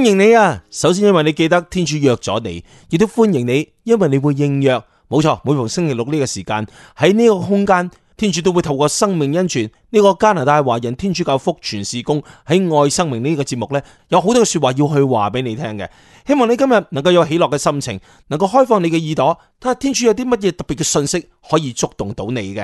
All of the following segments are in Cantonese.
歡迎你啊！首先，因為你記得天主約咗你，亦都歡迎你，因為你會應約。冇錯，每逢星期六呢個時間喺呢個空間，天主都會透過生命恩泉呢個加拿大華人天主教福傳事工喺愛生命呢個節目呢，有好多嘅說話要去話俾你聽嘅。希望你今日能夠有喜樂嘅心情，能夠開放你嘅耳朵，睇下天主有啲乜嘢特別嘅信息可以觸動到你嘅。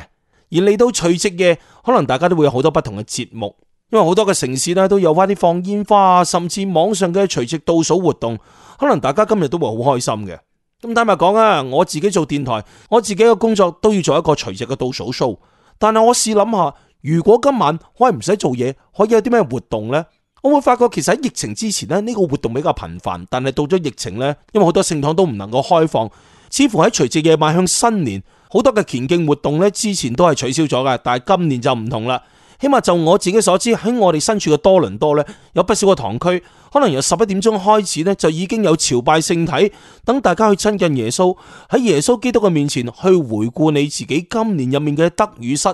而嚟到除夕夜，可能大家都會有好多不同嘅節目。因為好多嘅城市咧都有翻啲放煙花啊，甚至網上嘅除夕倒數活動，可能大家今日都會好開心嘅。咁坦白講啊，我自己做電台，我自己嘅工作都要做一個除夕嘅倒數 show。但係我試諗下，如果今晚我係唔使做嘢，可以有啲咩活動呢？我會發覺其實喺疫情之前呢，呢、這個活動比較頻繁，但係到咗疫情呢，因為好多聖堂都唔能夠開放，似乎喺除夕夜邁向新年，好多嘅田徑活動呢，之前都係取消咗嘅，但係今年就唔同啦。起碼就我自己所知，喺我哋身處嘅多倫多呢，有不少嘅堂區，可能由十一點鐘開始呢，就已經有朝拜聖體，等大家去親近耶穌，喺耶穌基督嘅面前去回顧你自己今年入面嘅得與失，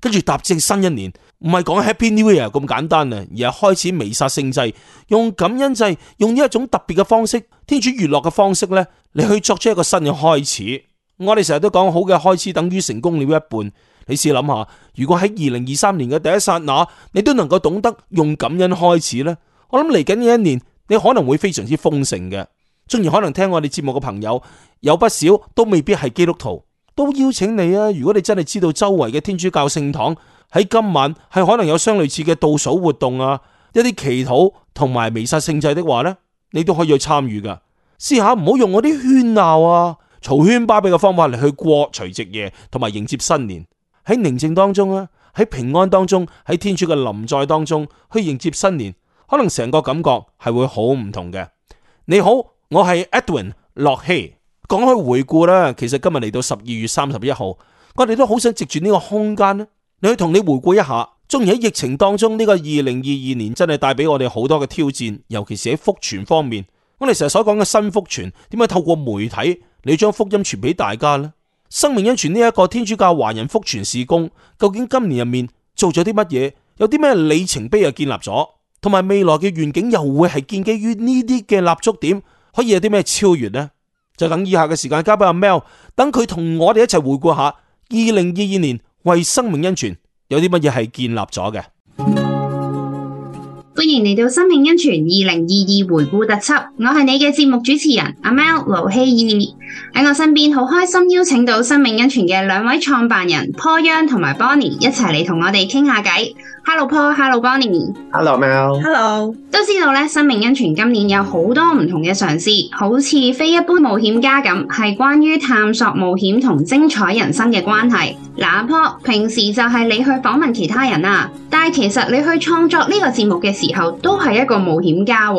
跟住踏正新一年，唔係講 Happy New Year 咁簡單啊，而係開始彌撒聖祭，用感恩祭，用呢一種特別嘅方式，天主娛樂嘅方式呢，嚟去作出一個新嘅開始。我哋成日都講好嘅開始等於成功了一半。你試諗下，如果喺二零二三年嘅第一剎那，你都能夠懂得用感恩開始呢，我諗嚟緊呢一年，你可能會非常之豐盛嘅。仲要可能聽我哋節目嘅朋友有不少，都未必係基督徒，都邀請你啊！如果你真係知道周圍嘅天主教聖堂喺今晚係可能有相類似嘅倒數活動啊，一啲祈禱同埋彌撒聖祭的話呢，你都可以去參與噶。試下唔好用我啲喧鬧啊、嘈喧巴閉嘅方法嚟去過除夕夜同埋迎接新年。喺寧靜當中啦，喺平安當中，喺天主嘅臨在當中，去迎接新年，可能成個感覺係會好唔同嘅。你好，我係 Edwin 洛希。講開回顧啦，其實今日嚟到十二月三十一號，我哋都好想藉住呢個空間咧，你去同你回顧一下，中意喺疫情當中呢個二零二二年真係帶俾我哋好多嘅挑戰，尤其是喺福傳方面，我哋成日所講嘅新福傳，點解透過媒體你將福音傳俾大家呢？生命恩泉呢一個天主教華人福傳事工，究竟今年入面做咗啲乜嘢？有啲咩里程碑又建立咗？同埋未來嘅願景又會係建基於呢啲嘅立足點，可以有啲咩超越呢？就等以下嘅時間交俾阿 Mel，等佢同我哋一齊回顧下二零二二年為生命恩泉有啲乜嘢係建立咗嘅。歡迎嚟到生命恩泉二零二二回顧特輯，我係你嘅節目主持人阿 Mel 盧希怡，喺我身邊好開心邀請到生命恩泉嘅兩位創辦人 Paul Young 同埋 Bonnie 一齊嚟同我哋傾下偈。Hello p a u l h e l l o Bonnie，Hello m e l h e l l o 都知道呢，生命因全今年有好多唔同嘅嘗試，好似非一般冒險家咁，係關於探索冒險同精彩人生嘅關係。嗱，Po，平時就係你去訪問其他人啊，但係其實你去創作呢個節目嘅時候，都係一個冒險家，啊，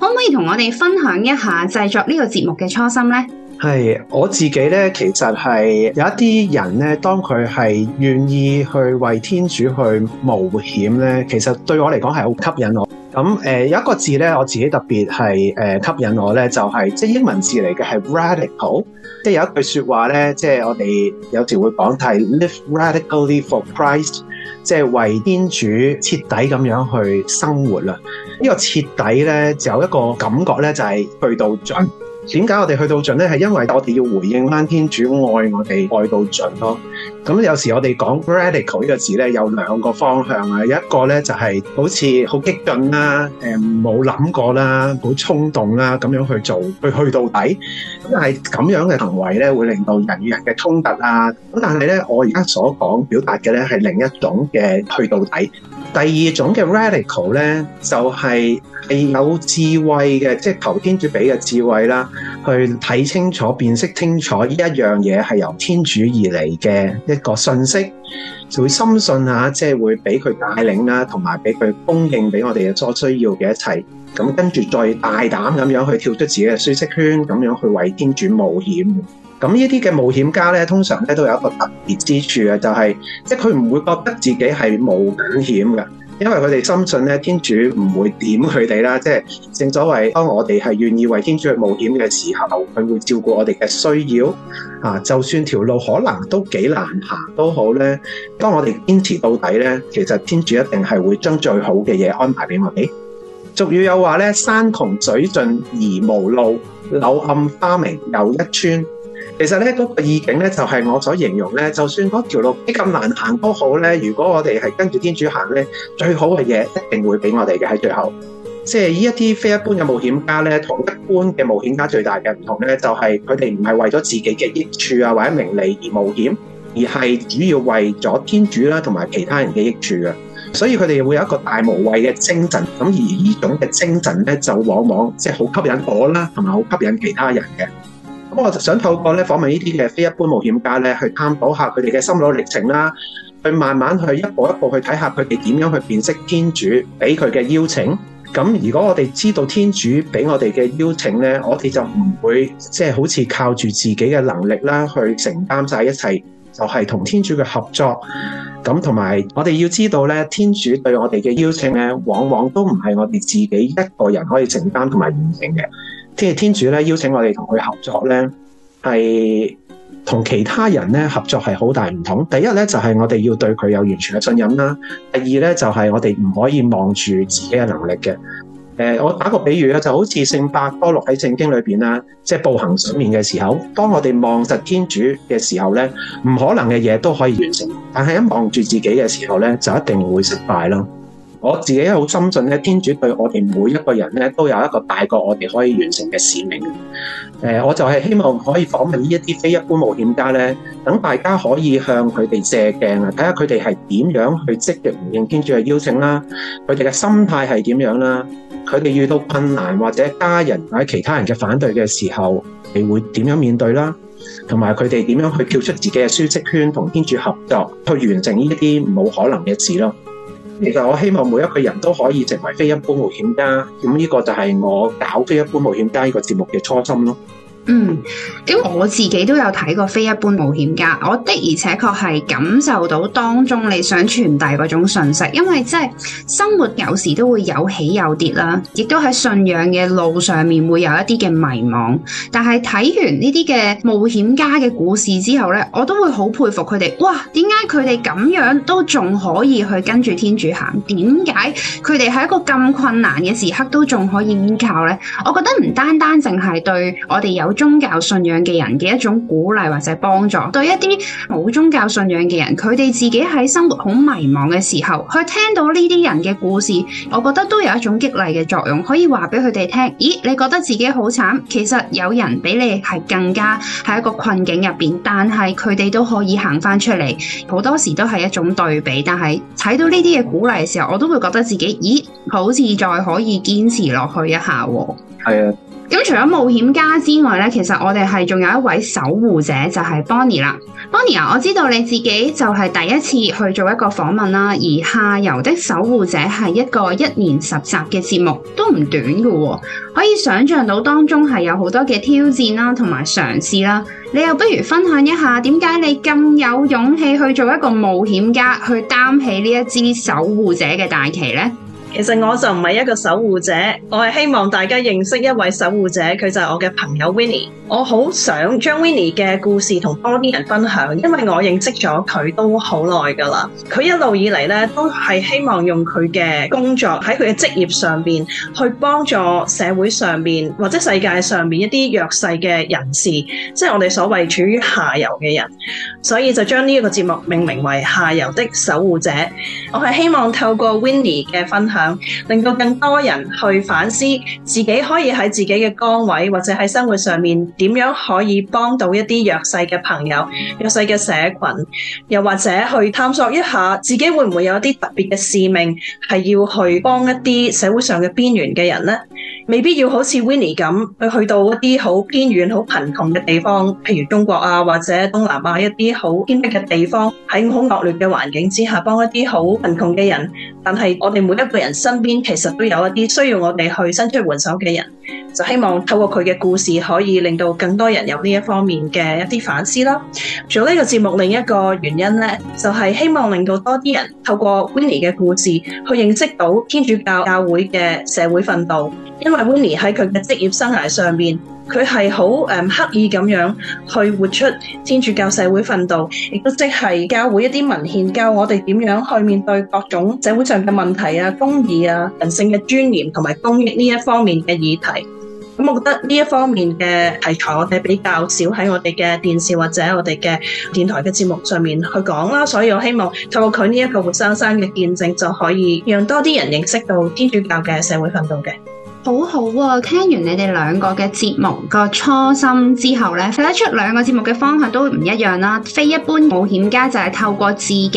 可唔可以同我哋分享一下製作呢個節目嘅初心呢？係我自己咧，其實係有一啲人咧，當佢係願意去為天主去冒險咧，其實對我嚟講係好吸引我。咁、呃、有一個字咧，我自己特別係、呃、吸引我咧，就係即係英文字嚟嘅係 radical。即係有一句說話咧，即、就、係、是、我哋有時會講係 live radically for Christ，即係為天主徹底咁樣去生活啦。這個、徹底呢個徹底咧就有一個感覺咧，就係、是、去到盡。點解我哋去到盡呢？係因為我哋要回應翻天主愛我哋愛到盡咯。咁有時我哋講 radical 呢個字呢，有兩個方向啊。有一個呢就係好似好激進啦，誒冇諗過啦，好衝動啦，咁樣去做去去到底。咁但係咁樣嘅行為呢，會令到人與人嘅衝突啊。咁但係呢，我而家所講表達嘅呢，係另一種嘅去到底。第二種嘅 radical 呢，就係係有智慧嘅，即係求天主俾嘅智慧啦，去睇清楚、辨識清楚呢一樣嘢係由天主而嚟嘅一個信息，就會深信下，即係會俾佢帶領啦，同埋俾佢供應俾我哋嘅所需要嘅一切。咁跟住再大膽咁樣去跳出自己嘅舒適圈，咁樣去為天主冒險。咁呢啲嘅冒險家咧，通常咧都有一個特別之處嘅，就係、是、即係佢唔會覺得自己係冒險嘅，因為佢哋深信咧，天主唔會點佢哋啦。即係正所謂，當我哋係願意為天主去冒險嘅時候，佢會照顧我哋嘅需要啊。就算條路可能都幾難行都好咧，當我哋堅持到底咧，其實天主一定係會將最好嘅嘢安排俾我哋。俗語有話咧，山窮水盡而無路，柳暗花明又一村。其實咧嗰、那個意境咧就係、是、我所形容咧，就算嗰條路幾咁難行都好咧，如果我哋係跟住天主行咧，最好嘅嘢一定會俾我哋嘅喺最後。即係呢一啲非一般嘅冒險家咧，同一般嘅冒險家最大嘅唔同咧，就係佢哋唔係為咗自己嘅益處啊或者名利而冒險，而係主要為咗天主啦同埋其他人嘅益處嘅、啊。所以佢哋會有一個大無畏嘅精神，咁而呢種嘅精神咧就往往即係好吸引我啦、啊，同埋好吸引其他人嘅。咁我就想透過咧訪問呢啲嘅非一般冒險家咧，去探討下佢哋嘅心路歷程啦，去慢慢去一步一步去睇下佢哋點樣去辨識天主俾佢嘅邀請。咁如果我哋知道天主俾我哋嘅邀請呢，我哋就唔會即係、就是、好似靠住自己嘅能力啦，去承擔晒一切，就係、是、同天主嘅合作。咁同埋我哋要知道呢，天主對我哋嘅邀請呢，往往都唔係我哋自己一個人可以承擔同埋完成嘅。即係天主咧，邀請我哋同佢合作咧，係同其他人咧合作係好大唔同。第一咧就係、是、我哋要對佢有完全嘅信任啦。第二咧就係、是、我哋唔可以望住自己嘅能力嘅。誒、呃，我打個比喻啊，就好似聖伯多祿喺聖經裏邊啦，即、就、係、是、步行上面嘅時候，當我哋望實天主嘅時候咧，唔可能嘅嘢，都可以完成。但係一望住自己嘅時候咧，就一定會失敗咯。我自己好深信咧，天主對我哋每一個人咧，都有一個大過我哋可以完成嘅使命。誒、呃，我就係希望可以訪問呢一啲非一般冒險家咧，等大家可以向佢哋借鏡啊，睇下佢哋係點樣去積極回應天主嘅邀請啦，佢哋嘅心態係點樣啦，佢哋遇到困難或者家人或者其他人嘅反對嘅時候，你會點樣面對啦，同埋佢哋點樣去跳出自己嘅舒適圈，同天主合作去完成呢一啲冇可能嘅事咯。其實我希望每一個人都可以成為非一般冒險家，咁呢個就係我搞非一般冒險家呢個節目嘅初心咯。嗯，因為我自己都有睇過非一般冒險家，我的而且確係感受到當中你想傳遞嗰種信息，因為即係生活有時都會有起有跌啦，亦都喺信仰嘅路上面會有一啲嘅迷茫。但係睇完呢啲嘅冒險家嘅故事之後咧，我都會好佩服佢哋。哇，點解佢哋咁樣都仲可以去跟住天主行？點解佢哋喺一個咁困難嘅時刻都仲可以依靠咧？我覺得唔單單淨係對我哋有。宗教信仰嘅人嘅一種鼓勵或者幫助，對一啲冇宗教信仰嘅人，佢哋自己喺生活好迷茫嘅時候，去聽到呢啲人嘅故事，我覺得都有一種激勵嘅作用，可以話俾佢哋聽。咦，你覺得自己好慘？其實有人比你係更加喺一個困境入邊，但係佢哋都可以行翻出嚟。好多時都係一種對比，但係睇到呢啲嘅鼓勵嘅時候，我都會覺得自己咦，好似再可以堅持落去一下。係啊。咁除咗冒險家之外呢，其實我哋係仲有一位守護者，就係 Bonnie 啦。Bonnie 啊，我知道你自己就係第一次去做一個訪問啦，而下游的守護者係一個一年十集嘅節目，都唔短喎。可以想象到當中係有好多嘅挑戰啦，同埋嘗試啦。你又不如分享一下點解你咁有勇氣去做一個冒險家，去擔起呢一支守護者嘅大旗呢？其實我就唔係一個守護者，我係希望大家認識一位守護者，佢就係我嘅朋友 Winnie。我好想將 Winnie 嘅故事同多啲人分享，因為我認識咗佢都好耐噶啦。佢一路以嚟咧都係希望用佢嘅工作喺佢嘅職業上面去幫助社會上面或者世界上面一啲弱勢嘅人士，即係我哋所謂處於下游嘅人。所以就將呢一個節目命名為下游的守護者。我係希望透過 Winnie 嘅分享。令到更多人去反思自己可以喺自己嘅崗位或者喺生活上面點樣可以幫到一啲弱勢嘅朋友、弱勢嘅社群，又或者去探索一下自己會唔會有一啲特別嘅使命，係要去幫一啲社會上嘅邊緣嘅人咧？未必要好似 Winnie 咁去去到一啲好偏遠、好貧窮嘅地方，譬如中國啊，或者東南亞一啲好偏僻嘅地方，喺好惡劣嘅環境之下幫一啲好貧窮嘅人。但係我哋每一個人身邊其實都有一啲需要我哋去伸出援手嘅人。就希望透過佢嘅故事，可以令到更多人有呢一方面嘅一啲反思啦。做呢個節目另一個原因咧，就係、是、希望令到多啲人透過 Winnie 嘅故事，去認識到天主教教會嘅社會奮鬥。因為 Winnie 喺佢嘅職業生涯上面，佢係好刻意咁樣去活出天主教社會奮鬥，亦都即係教會一啲文獻教我哋點樣去面對各種社會上嘅問題啊、公義啊、人性嘅尊嚴同埋公益呢一方面嘅議題。咁我覺得呢一方面嘅題材係比較少喺我哋嘅電視或者我哋嘅電台嘅節目上面去講啦。所以我希望透過佢呢一個活生生嘅見證，就可以讓多啲人認識到天主教嘅社會奮鬥嘅。好好喎！啊，聽完你哋兩個嘅節目個初心之後呢，睇得出兩個節目嘅方向都唔一樣啦。非一般冒險家就係透過自己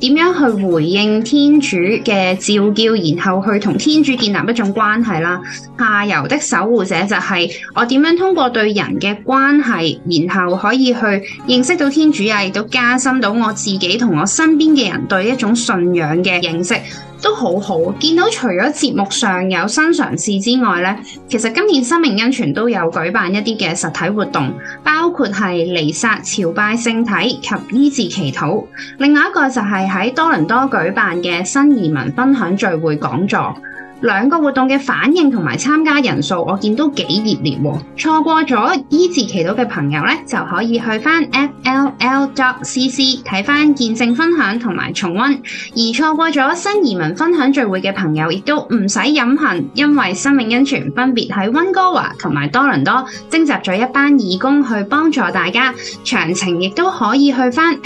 點樣去回應天主嘅召叫，然後去同天主建立一種關係啦。下游的守護者就係我點樣通過對人嘅關係，然後可以去認識到天主啊，亦都加深到我自己同我身邊嘅人對一種信仰嘅認識。都好好，見到除咗節目上有新嘗試之外呢，其實今年生命恩泉都有舉辦一啲嘅實體活動，包括係彌撒朝拜聖體及醫治祈禱，另外一個就係喺多倫多舉辦嘅新移民分享聚會講座。兩個活動嘅反應同埋參加人數，我見都幾熱烈喎。錯過咗醫治祈禱嘅朋友呢，就可以去翻 FLL.cc 睇返見證分享同埋重溫。而錯過咗新移民分享聚會嘅朋友，亦都唔使飲恨，因為生命恩泉分別喺溫哥華同埋多倫多徵集咗一班義工去幫助大家。詳情亦都可以去翻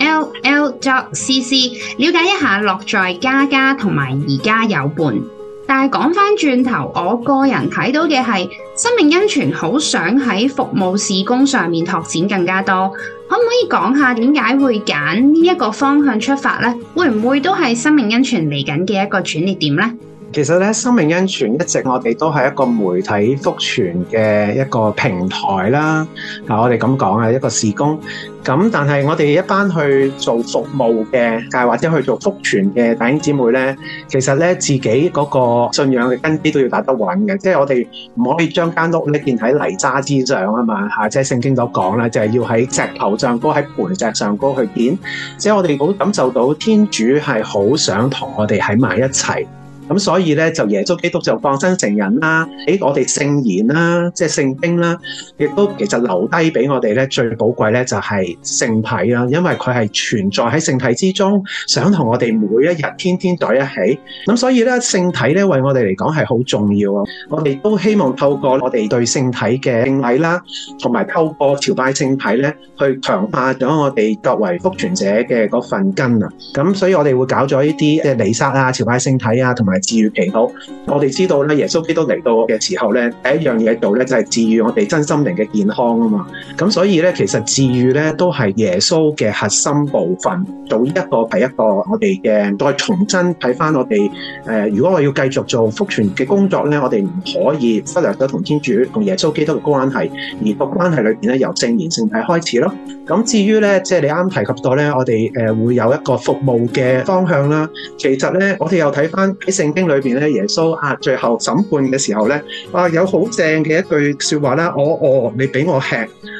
FLL.cc 了解一下。樂在家家同埋而家有伴。但係講返轉頭，我個人睇到嘅係：生命恩泉好想喺服務事工上面拓展更加多，可唔可以講下點解會揀呢一個方向出發呢？會唔會都係生命恩泉嚟緊嘅一個轉捩點呢？其實咧，生命恩泉一直我哋都係一個媒體福傳嘅一個平台啦。嗱，我哋咁講啊，一個事工。咁但係我哋一班去做服務嘅，或者去做福傳嘅弟兄姊妹咧，其實咧自己嗰個信仰嘅根基都要打得穩嘅。即係我哋唔可以將間屋呢建喺泥渣之上啊嘛。吓，即係聖經都講啦，就係、是、要喺石頭上高喺磐石上高去建。即係我哋好感受到天主係好想同我哋喺埋一齊。咁所以咧，就耶穌基督就降生成人啦，俾我哋聖言啦，即係聖經啦，亦都其實留低俾我哋咧最寶貴咧就係聖體啦，因為佢係存在喺聖體之中，想同我哋每一日天天在一起。咁所以咧，聖體咧為我哋嚟講係好重要啊！我哋都希望透過我哋對聖體嘅敬禮啦，同埋透過朝拜聖體咧，去強化咗我哋作為福傳者嘅嗰份根啊！咁所以我哋會搞咗一啲即係彌撒啊、朝拜聖體啊，同埋治癒祈禱，我哋知道咧，耶穌基督嚟到嘅時候咧，第一樣嘢做咧就係治癒我哋真心靈嘅健康啊嘛。咁所以咧，其實治癒咧都係耶穌嘅核心部分。到一個係一個我哋嘅再重新睇翻我哋誒、呃，如果我要繼續做福傳嘅工作咧，我哋唔可以忽略咗同天主、同耶穌基督嘅關係，而個關係裏邊咧由聖言聖體開始咯。咁至於咧，即係你啱提及到咧，我哋誒會有一個服務嘅方向啦。其實咧，我哋又睇翻喺成。經裏邊咧，耶穌啊，最後審判嘅時候咧，啊，有好正嘅一句說話咧，我餓，你俾我吃；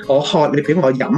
我渴，你俾我飲；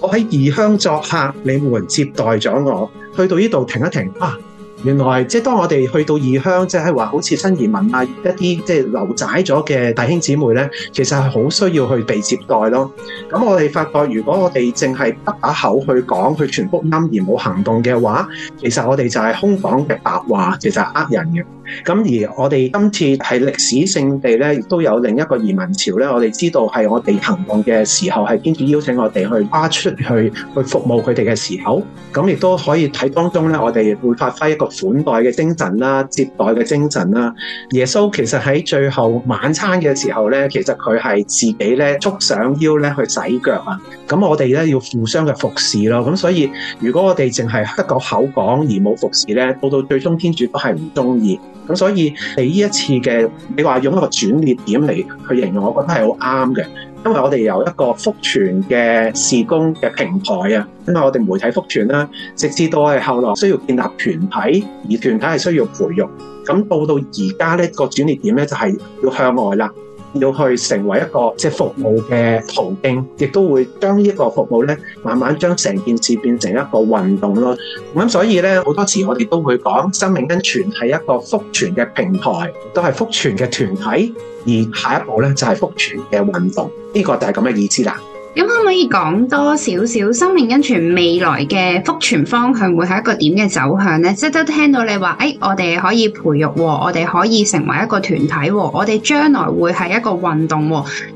我喺異鄉作客，你們接待咗我，去到呢度停一停啊！原來即係當我哋去到異鄉，即係話好似新移民啊，一啲即係留仔咗嘅弟兄姊妹咧，其實係好需要去被接待咯。咁我哋發覺，如果我哋淨係得把口去講，去傳福音而冇行動嘅話，其實我哋就係空房嘅白話，其實係呃人嘅。咁而我哋今次係歷史性地咧，亦都有另一個移民潮咧。我哋知道係我哋行動嘅時候，係天主邀請我哋去出去去服務佢哋嘅時候，咁亦都可以睇當中咧，我哋會發揮一個款待嘅精神啦、接待嘅精神啦。耶穌其實喺最後晚餐嘅時候咧，其實佢係自己咧束上腰咧去洗腳啊。咁我哋咧要互相嘅服侍咯。咁所以如果我哋淨係得個口講而冇服侍咧，到到最終天主都係唔中意。咁所以你呢一次嘅，你話用一個轉捩點嚟去形容，我覺得係好啱嘅，因為我哋有一個福傳嘅事工嘅平台啊，因為我哋媒體福傳啦，直至到我哋後來需要建立團體，而團體係需要培育，咁到到而家呢個轉捩點呢，就係要向外啦。要去成為一個即係、就是、服務嘅途徑，亦都會將呢個服務咧，慢慢將成件事變成一個運動咯。咁所以咧，好多時我哋都會講生命跟傳係一個福傳嘅平台，都係福傳嘅團體，而下一步咧就係福傳嘅運動。呢、這個就係咁嘅意思啦。咁可唔可以講多少少生命恩泉未來嘅復存方向會係一個點嘅走向呢？即都聽到你話，誒、哎，我哋可以培育，我哋可以成為一個團體，我哋將來會係一個運動。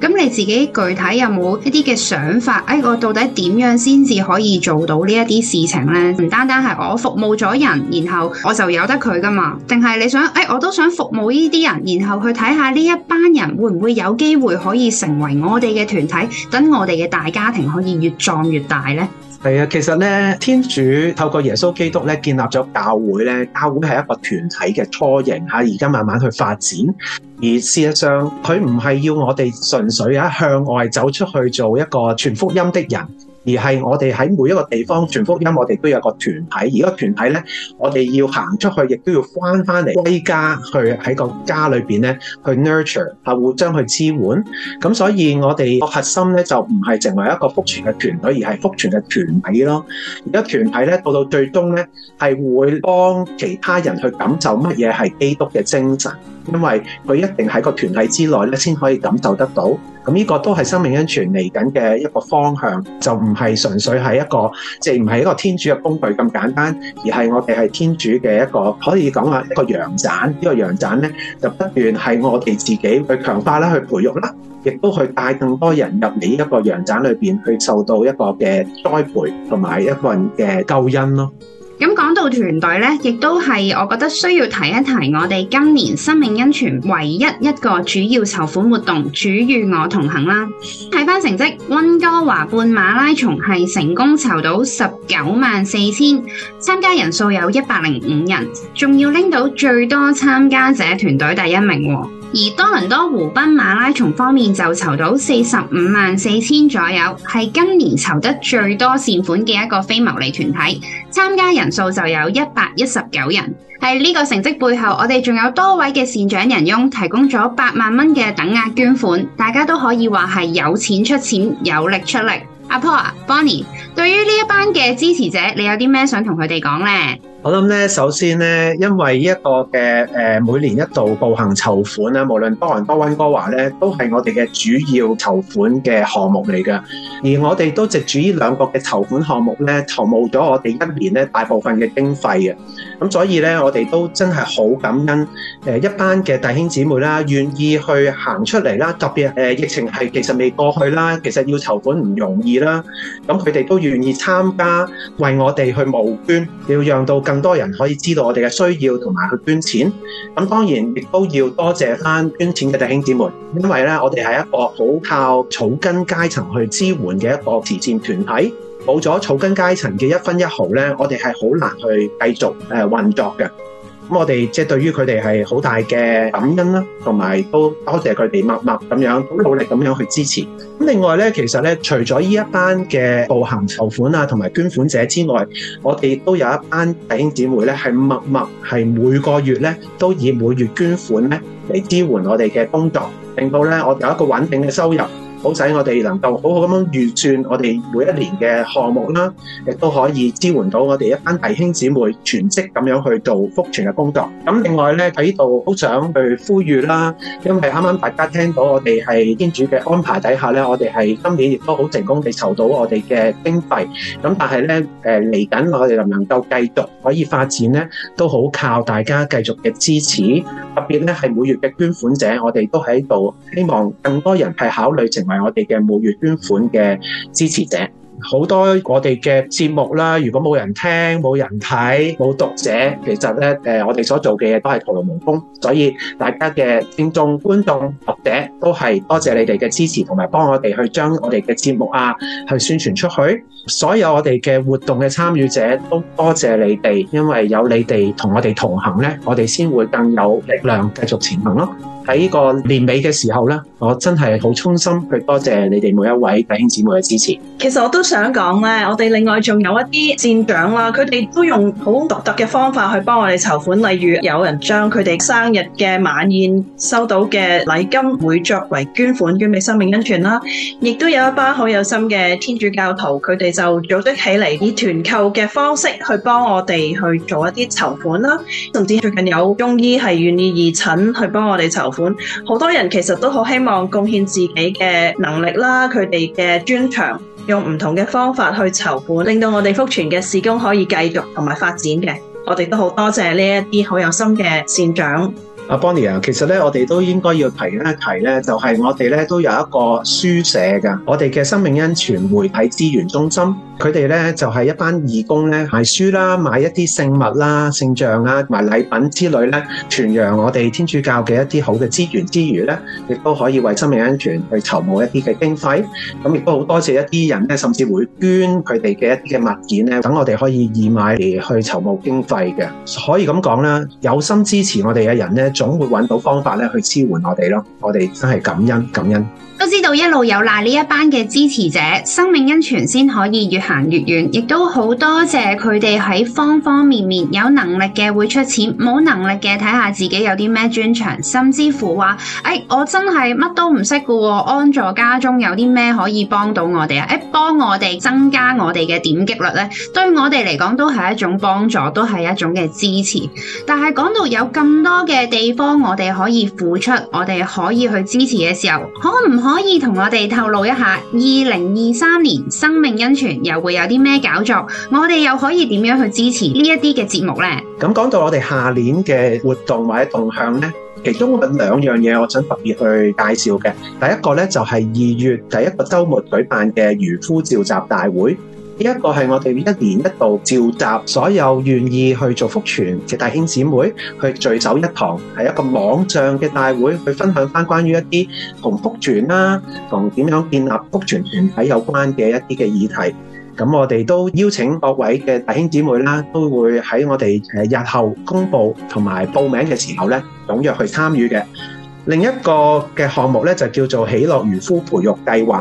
咁你自己具體有冇一啲嘅想法？誒、哎，我到底點樣先至可以做到呢一啲事情呢？唔單單係我服務咗人，然後我就由得佢㗎嘛？定係你想？誒、哎，我都想服務呢啲人，然後去睇下呢一班人會唔會有機會可以成為我哋嘅團體，等我哋嘅。大家庭可以越壯越大呢？係啊，其實呢，天主透過耶穌基督咧，建立咗教會呢，教會係一個團體嘅雛形，吓而家慢慢去發展。而事實上，佢唔係要我哋純粹啊向外走出去做一個傳福音的人。而係我哋喺每一個地方傳福音，我哋都有個團體。而個團體咧，我哋要行出去，亦都要翻翻嚟歸家，去喺個家裏邊咧去 nurture，嚇互相去支援。咁所以我哋個核心咧就唔係成為一個福傳嘅團隊，而係福傳嘅團體咯。而家團體咧到到最終咧係會幫其他人去感受乜嘢係基督嘅精神，因為佢一定喺個團體之內咧，先可以感受得到。咁呢個都係生命恩泉嚟緊嘅一個方向，就唔係純粹係一個，亦唔係一個天主嘅工具咁簡單，而係我哋係天主嘅一個，可以講啊一個羊棧。呢、呢個羊棧咧，就不斷係我哋自己去強化啦，去培育啦，亦都去帶更多人入嚟呢一個羊棧裏邊，去受到一個嘅栽培同埋一個人嘅救恩咯。咁講到團隊呢，亦都係我覺得需要提一提我哋今年生命恩泉唯一一個主要籌款活動——主與我同行啦。睇返成績，溫哥華半馬拉松係成功籌到十九萬四千，參加人數有一百零五人，仲要拎到最多參加者團隊第一名喎。而多倫多湖濱馬拉松方面就籌到四十五萬四千左右，係今年籌得最多善款嘅一個非牟利團體，參加人數就有一百一十九人。喺呢個成績背後，我哋仲有多位嘅善長仁翁提供咗八萬蚊嘅等額捐款，大家都可以話係有錢出錢，有力出力。阿 Paul、Bonnie，對於呢一班嘅支持者，你有啲咩想同佢哋講呢？我諗咧，首先咧，因為呢一個嘅誒，每年一度步行籌款啦，無論多倫多溫哥華咧，都係我哋嘅主要籌款嘅項目嚟嘅，而我哋都藉住呢兩個嘅籌款項目咧，籌募咗我哋一年咧大部分嘅經費嘅。咁所以咧，我哋都真係好感恩誒一班嘅弟兄姊妹啦，願意去行出嚟啦。特別誒，疫情係其實未過去啦，其實要籌款唔容易啦。咁佢哋都願意參加，為我哋去募捐，要讓到。更多人可以知道我哋嘅需要同埋去捐錢，咁當然亦都要多謝翻捐錢嘅弟兄姊妹，因為咧，我哋係一個好靠草根階層去支援嘅一個慈善團體，冇咗草根階層嘅一分一毫咧，我哋係好難去繼續誒運作嘅。咁我哋即係對於佢哋係好大嘅感恩啦，同埋都多謝佢哋默默咁樣好努力咁樣去支持。咁另外咧，其實咧，除咗呢一班嘅步行籌款啊，同埋捐款者之外，我哋都有一班弟兄姊妹咧，係默默係每個月咧都以每月捐款咧嚟支援我哋嘅工作，令到咧我哋有一個穩定嘅收入。好使我哋能夠好好咁樣預算我哋每一年嘅項目啦，亦都可以支援到我哋一班弟兄姊妹全職咁樣去做福傳嘅工作。咁另外咧，喺度好想去呼籲啦，因為啱啱大家聽到我哋係天主嘅安排底下咧，我哋係今年亦都好成功地籌到我哋嘅經費。咁但係咧誒，嚟緊我哋能唔能夠繼續可以發展咧，都好靠大家繼續嘅支持。特別咧係每月嘅捐款者，我哋都喺度希望更多人係考慮情。同埋我哋嘅每月捐款嘅支持者，好多我哋嘅節目啦。如果冇人聽、冇人睇、冇讀者，其實咧，誒，我哋所做嘅嘢都係徒勞無功。所以大家嘅聽眾、觀眾、讀者都係多謝你哋嘅支持，同埋幫我哋去將我哋嘅節目啊去宣傳出去。所有我哋嘅活動嘅參與者都多謝你哋，因為有你哋同我哋同行呢，我哋先會更有力量繼續前行咯。喺呢個年尾嘅時候呢，我真係好衷心去多謝你哋每一位弟兄姊妹嘅支持。其實我都想講呢，我哋另外仲有一啲善長啦，佢哋都用好獨特嘅方法去幫我哋籌款，例如有人將佢哋生日嘅晚宴收到嘅禮金，會作為捐款捐俾生命恩泉啦。亦都有一班好有心嘅天主教徒，佢哋就組織起嚟，以團購嘅方式去幫我哋去做一啲籌款啦，甚至最近有中醫係願意義診去幫我哋籌款。好多人其實都好希望貢獻自己嘅能力啦，佢哋嘅專長，用唔同嘅方法去籌款，令到我哋福傳嘅事工可以繼續同埋發展嘅。我哋都好多謝呢一啲好有心嘅善長。阿 Bonnie 啊，其實咧，我哋都應該要提一提咧，就係我哋咧都有一個書社嘅，我哋嘅生命恩泉媒體資源中心，佢哋咧就係一班義工咧賣書啦，買一啲聖物啦、聖像啊，埋禮品之類咧，傳揚我哋天主教嘅一啲好嘅資源之餘咧，亦都可以為生命恩泉去籌募一啲嘅經費。咁亦都好多謝一啲人咧，甚至會捐佢哋嘅一啲嘅物件咧，等我哋可以義賣嚟去籌募經費嘅。可以咁講啦，有心支持我哋嘅人咧。總會揾到方法咧去支援我哋咯，我哋真係感恩感恩。感恩都知道一路有賴呢一班嘅支持者，生命恩泉先可以越行越遠，亦都好多謝佢哋喺方方面面，有能力嘅會出錢，冇能力嘅睇下自己有啲咩專長，甚至乎話，誒，我真係乜都唔識噶，喎，安助家中有啲咩可以幫到我哋啊？誒，幫我哋增加我哋嘅點擊率咧，對我哋嚟講都係一種幫助，都係一種嘅支持。但係講到有咁多嘅地方我哋可以付出，我哋可以去支持嘅時候，可唔可？可以同我哋透露一下，二零二三年生命恩泉又會有啲咩搞作？我哋又可以點樣去支持呢一啲嘅節目咧？咁講到我哋下年嘅活動或者動向咧，其中有兩樣嘢，我想特別去介紹嘅。第一個咧就係二月第一個周末舉辦嘅漁夫召集大會。呢一個係我哋一年一度召集所有願意去做福傳嘅弟兄姊妹去聚首一堂，係一個網上嘅大會去分享返關於一啲同福傳啦，同點樣建立福傳團體有關嘅一啲嘅議題。咁我哋都邀請各位嘅弟兄姊妹啦，都會喺我哋誒日後公佈同埋報名嘅時候咧，踴躍去參與嘅。另一個嘅項目咧就叫做喜樂漁夫培育計劃。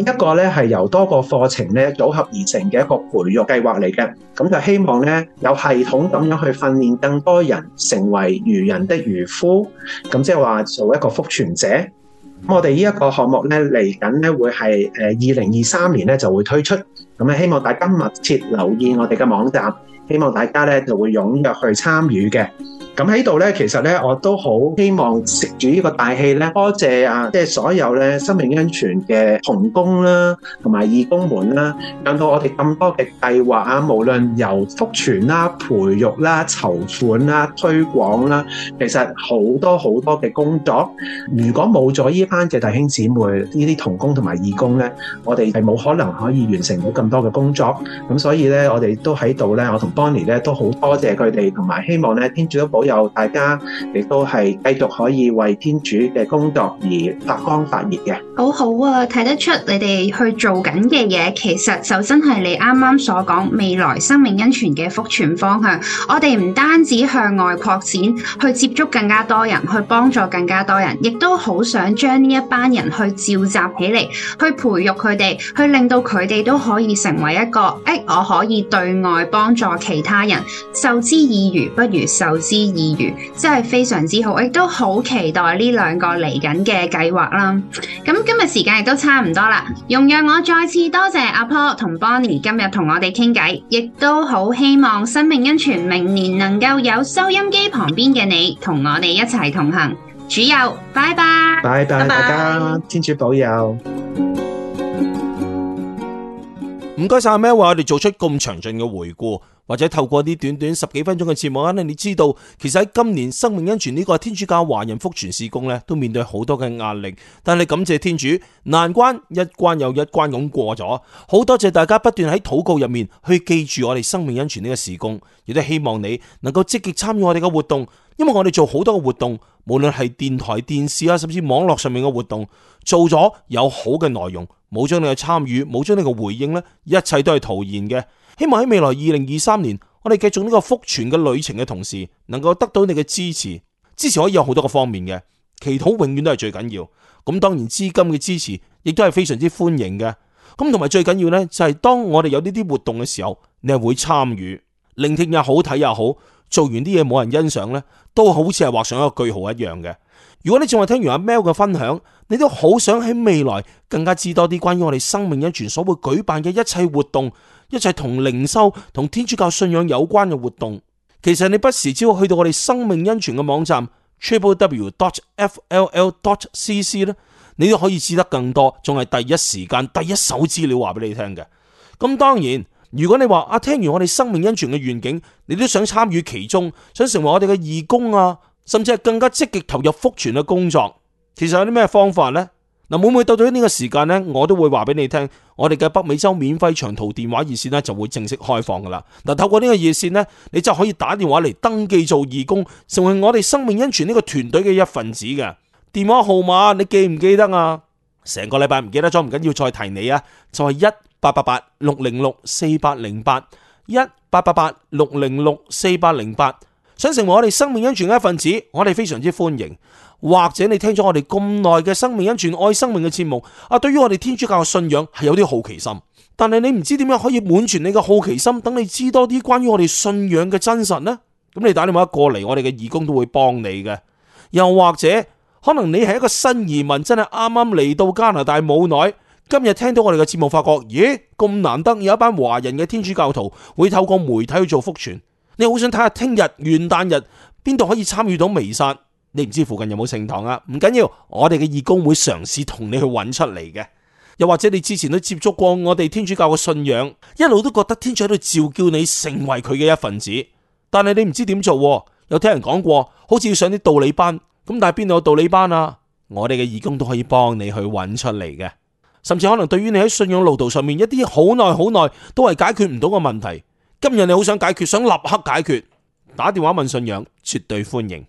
一個咧，係由多個課程咧，組合而成嘅一個培育計劃嚟嘅，咁就希望咧，有系統咁樣去訓練更多人成為漁人的漁夫，咁即係話做一個復傳者。咁我哋呢一個項目咧，嚟緊咧，會係誒二零二三年咧，就會推出，咁咧，希望大家密切留意我哋嘅網站，希望大家咧，就會踴躍去參與嘅。咁喺度咧，其實咧我都好希望食住呢個大氣咧，多謝啊，即係所有咧生命安全嘅同工啦，同埋義工們啦，令到我哋咁多嘅計劃啊，無論由福傳啦、培育啦、籌款啦、推廣啦，其實好多好多嘅工作，如果冇咗呢班嘅弟兄姊妹，呢啲同工同埋義工咧，我哋係冇可能可以完成到咁多嘅工作。咁所以咧，我哋都喺度咧，我同 Bonnie 咧都好多謝佢哋，同埋希望咧天主都保所有大家亦都係繼續可以為天主嘅工作而發光發熱嘅，好好啊！睇得出你哋去做緊嘅嘢，其實就真係你啱啱所講未來生命恩泉嘅福傳方向。我哋唔單止向外擴展，去接觸更加多人，去幫助更加多人，亦都好想將呢一班人去召集起嚟，去培育佢哋，去令到佢哋都可以成為一個，誒、哎，我可以對外幫助其他人，受之以魚不如受之，意餘真係非常之好，亦都好期待呢兩個嚟緊嘅計劃啦。咁今日時間亦都差唔多啦，容讓我再次多謝阿 Po 同 Bonnie 今日同我哋傾偈，亦都好希望生命恩泉明年能夠有收音機旁邊嘅你同我哋一齊同行。主佑，拜拜，拜拜，大家天主保佑，唔該晒，阿 May 為我哋做出咁詳盡嘅回顧。或者透過啲短短十幾分鐘嘅節目咧，你知道其實喺今年生命恩泉呢個天主教華人福傳事工咧，都面對好多嘅壓力。但係感謝天主，難關一關又一關咁過咗。好多謝大家不斷喺禱告入面去記住我哋生命恩泉呢個事工，亦都希望你能夠積極參與我哋嘅活動，因為我哋做好多嘅活動，無論係電台、電視啊，甚至網絡上面嘅活動，做咗有好嘅內容的，冇將你去參與，冇將你嘅回應呢，一切都係徒然嘅。希望喺未來二零二三年，我哋繼續呢個福傳嘅旅程嘅同時，能夠得到你嘅支持。支持可以有好多個方面嘅，祈禱永遠都係最緊要。咁當然資金嘅支持亦都係非常之歡迎嘅。咁同埋最緊要呢，就係當我哋有呢啲活動嘅時候，你係會參與、聆聽又好、睇又好，做完啲嘢冇人欣賞呢，都好似係畫上一個句號一樣嘅。如果你仲係聽完阿 Mel 嘅分享，你都好想喺未來更加知多啲關於我哋生命恩泉所會舉辦嘅一切活動。一切同靈修同天主教信仰有關嘅活動，其實你不時只要去到我哋生命恩泉嘅網站 www.fll.cc 咧，你都可以知得更多，仲係第一時間第一手資料話俾你聽嘅。咁當然，如果你話啊聽完我哋生命恩泉嘅願景，你都想參與其中，想成為我哋嘅義工啊，甚至係更加積極投入福傳嘅工作，其實有啲咩方法呢？嗱，每每到咗呢個時間咧，我都會話俾你聽，我哋嘅北美洲免費長途電話熱線咧就會正式開放噶啦。嗱，透過呢個熱線咧，你就可以打電話嚟登記做義工，成為我哋生命恩泉呢個團隊嘅一份子。嘅電話號碼，你記唔記得啊？成個禮拜唔記得咗，唔緊要，再提你啊，就係一八八八六零六四八零八一八八八六零六四八零八。想成為我哋生命恩泉嘅一份子，我哋非常之歡迎。或者你聽咗我哋咁耐嘅生命恩泉愛生命嘅節目，啊，對於我哋天主教嘅信仰係有啲好奇心，但係你唔知點樣可以滿足你嘅好奇心，等你知多啲關於我哋信仰嘅真實呢？咁你打電話過嚟，我哋嘅義工都會幫你嘅。又或者可能你係一個新移民，真係啱啱嚟到加拿大冇耐，今日聽到我哋嘅節目，發覺，咦，咁難得有一班華人嘅天主教徒會透過媒體去做福傳。你好想睇下聽日元旦日邊度可以參與到彌撒？你唔知附近有冇聖堂啊？唔緊要，我哋嘅義工會嘗試同你去揾出嚟嘅。又或者你之前都接觸過我哋天主教嘅信仰，一路都覺得天主喺度召叫你成為佢嘅一份子，但係你唔知點做。有聽人講過，好似要上啲道理班，咁但係邊度有道理班啊？我哋嘅義工都可以幫你去揾出嚟嘅。甚至可能對於你喺信仰路途上面一啲好耐好耐都係解決唔到嘅問題。今日你好想解決，想立刻解決，打電話問信仰絕對歡迎，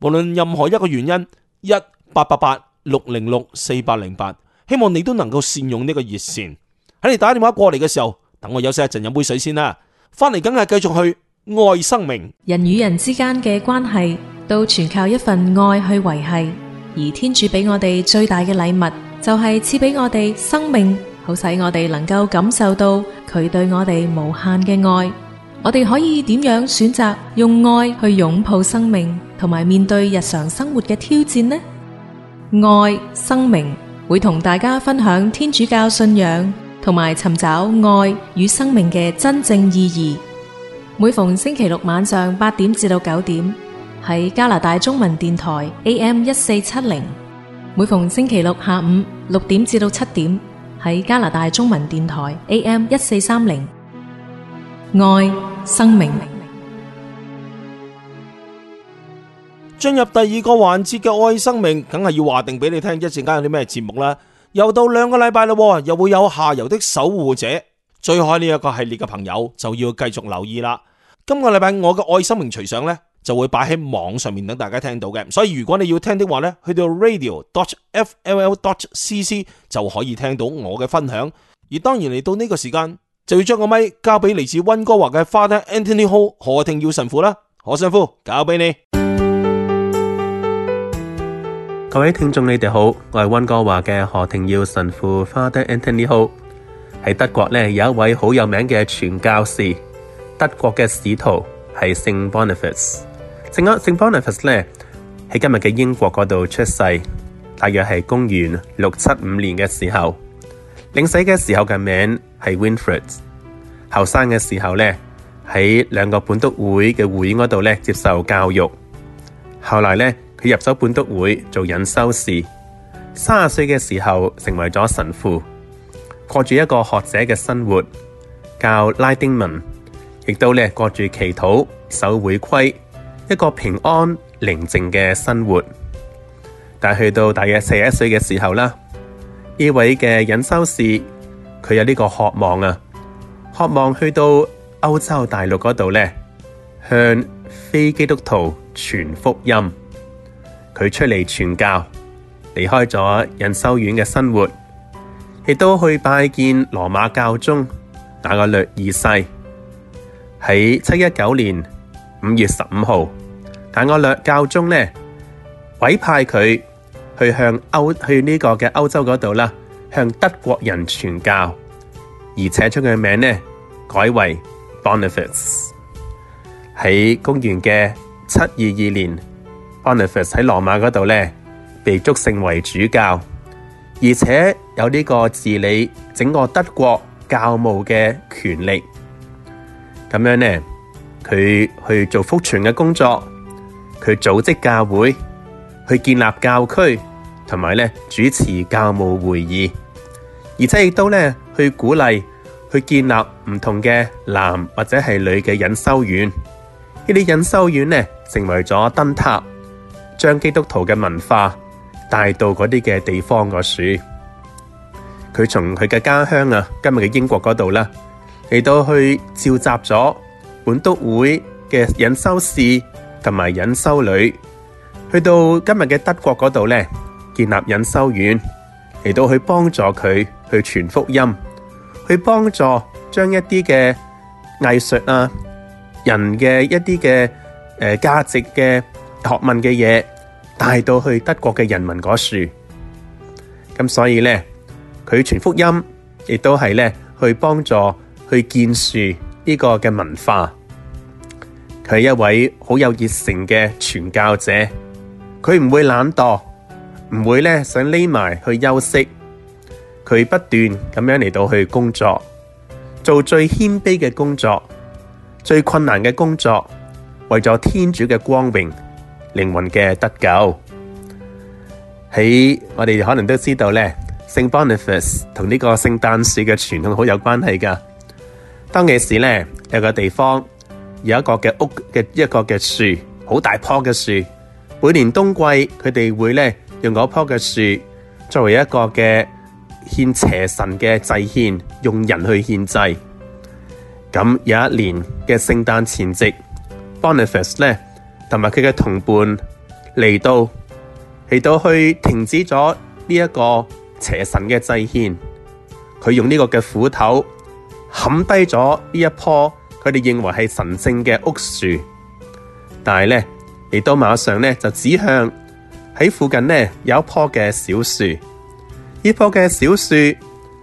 無論任何一個原因，一八八八六零六四八零八，希望你都能夠善用呢個熱線。喺你打電話過嚟嘅時候，等我休息一陣，飲杯水先啦，翻嚟梗係繼續去愛生命。人與人之間嘅關係，都全靠一份愛去維係，而天主俾我哋最大嘅禮物，就係賜俾我哋生命。好使我哋能夠感受到佢對我哋無限嘅愛。我哋可以點樣選擇用愛去擁抱生命，同埋面對日常生活嘅挑戰呢？愛生命會同大家分享天主教信仰，同埋尋找愛與生命嘅真正意義。每逢星期六晚上八點至到九點，喺加拿大中文電台 A.M. 一四七零；每逢星期六下午六點至到七點。喺加拿大中文電台 AM 一四三零，愛生命。進入第二個環節嘅愛生命，梗係要話定俾你聽一陣間有啲咩節目啦。又到兩個禮拜啦，又會有下游的守護者，追開呢一個系列嘅朋友就要繼續留意啦。今個禮拜我嘅愛生命除上咧，就會擺喺網上面等大家聽到嘅，所以如果你要聽的話咧，去到 radio.fll.cc 就可以聽到我嘅分享。而當然嚟到呢個時間，就要將個咪交俾嚟自温哥華嘅 Father Anthony Ho 何庭耀神父啦。何神父，交俾你。各位聽眾你哋好，我係溫哥華嘅何庭耀神父 Father Anthony Ho。喺德國呢，有一位好有名嘅傳教士，德國嘅使徒係聖 Boniface。聖方納夫咧喺今日嘅英國嗰度出世，大約係公元六七五年嘅時候。領洗嘅時候嘅名係 Winfrids。後生嘅時候咧喺兩個本督會嘅會嗰度咧接受教育。後嚟咧佢入咗本督會做隱修士。三十歲嘅時候成為咗神父，過住一個學者嘅生活，教拉丁文，亦都咧過住祈禱守會規。一個平安寧靜嘅生活，但去到大約四一歲嘅時候啦，呢位嘅隱修士佢有呢個渴望啊，渴望去到歐洲大陸嗰度呢，向非基督徒傳福音。佢出嚟傳教，離開咗隱修院嘅生活，亦都去拜見羅馬教宗額我略二世。喺七一九年五月十五號。但我略教宗咧，委派佢去向歐去呢個嘅歐洲嗰度啦，向德國人傳教，而且將佢名咧改為 Boniface。喺公元嘅七二二年，Boniface 喺羅馬度咧被祝聖為主教，而且有呢個治理整個德國教務嘅權力。咁樣咧，佢去做福傳嘅工作。佢組織教會，去建立教區，同埋咧主持教務會議，而且亦都咧去鼓勵去建立唔同嘅男或者係女嘅隱修院。呢啲隱修院呢，成為咗燈塔，將基督徒嘅文化帶到嗰啲嘅地方嗰處。佢從佢嘅家鄉啊，今日嘅英國嗰度啦，嚟到去召集咗本篤會嘅隱修士。同埋隱修女，去到今日嘅德國嗰度咧，建立隱修院嚟到去幫助佢去傳福音，去幫助將一啲嘅藝術啊、人嘅一啲嘅誒價值嘅學問嘅嘢帶到去德國嘅人民嗰處。咁所以咧，佢傳福音亦都係咧去幫助去建樹呢個嘅文化。佢係一位好有熱誠嘅傳教者，佢唔會懶惰，唔會咧想匿埋去休息，佢不斷咁樣嚟到去工作，做最謙卑嘅工作，最困難嘅工作，為咗天主嘅光榮、靈魂嘅得救。喺我哋可能都知道咧，聖 Boniface 同呢個聖誕樹嘅傳統好有關係噶。當其時咧，有個地方。有一個嘅屋嘅一個嘅樹，好大棵嘅樹。每年冬季，佢哋會咧用嗰棵嘅樹作為一個嘅獻邪神嘅祭獻，用人去獻祭。咁有一年嘅聖誕前夕，Boniface 咧同埋佢嘅同伴嚟到，嚟到去停止咗呢一個邪神嘅祭獻，佢用呢個嘅斧頭冚低咗呢一棵。佢哋認為係神聖嘅屋樹，但係咧，亦都馬上咧就指向喺附近咧有一棵嘅小樹。呢棵嘅小樹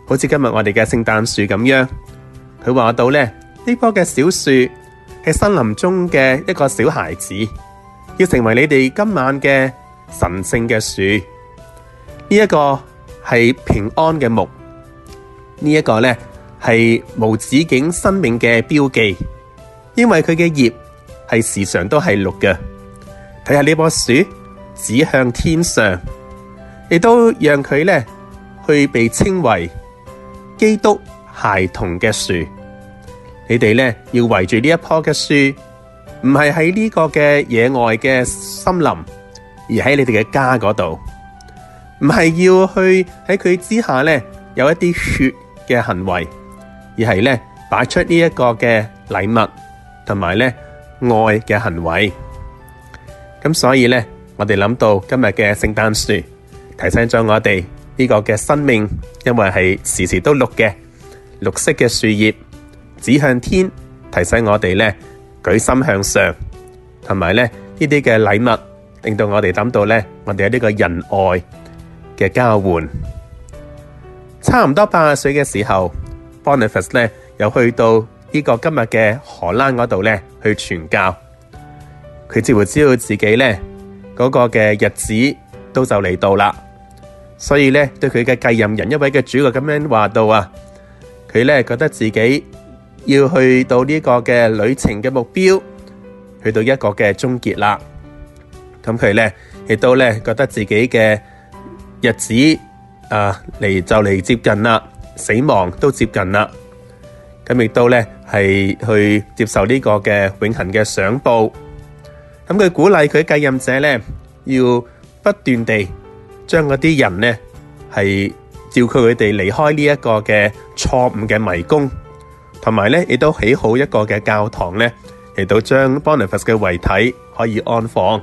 好似今日我哋嘅聖誕樹咁樣。佢話到咧，呢棵嘅小樹係森林中嘅一個小孩子，要成為你哋今晚嘅神聖嘅樹。呢、呢、一個係平安嘅木，呢個、呢一個咧，係無止境生命嘅標記，因為佢嘅葉係時常都係綠嘅。睇下呢棵樹指向天上，亦都讓佢咧去被稱為基督孩童嘅樹。你哋咧要圍住呢一棵嘅樹，唔係喺呢個嘅野外嘅森林，而喺你哋嘅家嗰度，唔係要去喺佢之下咧有一啲血嘅行為。而係咧擺出呢一個嘅禮物同埋咧愛嘅行為，咁所以咧我哋諗到今日嘅聖誕樹，提醒咗我哋呢個嘅生命，因為係時時都綠嘅綠色嘅樹葉指向天，提醒我哋咧舉心向上，同埋咧呢啲嘅禮物令到我哋諗到咧我哋呢個人愛嘅交換。差唔多八十歲嘅時候。Boniface 咧，又去到呢個今日嘅荷蘭嗰度咧，去傳教。佢似乎知道自己咧嗰個嘅日子都就嚟到啦，所以咧對佢嘅繼任人一位嘅主教咁樣話到啊，佢咧覺得自己要去到呢個嘅旅程嘅目標，去到一個嘅終結啦。咁佢咧亦都咧覺得自己嘅日子啊嚟就嚟接近啦。死亡都接近啦，咁亦都咧係去接受呢個嘅永恒嘅上報。咁佢鼓勵佢嘅繼任者咧，要不斷地將嗰啲人咧係叫佢佢哋離開呢一個嘅錯誤嘅迷宮，同埋咧亦都起好一個嘅教堂咧，嚟到將 Boniface 嘅遺體可以安放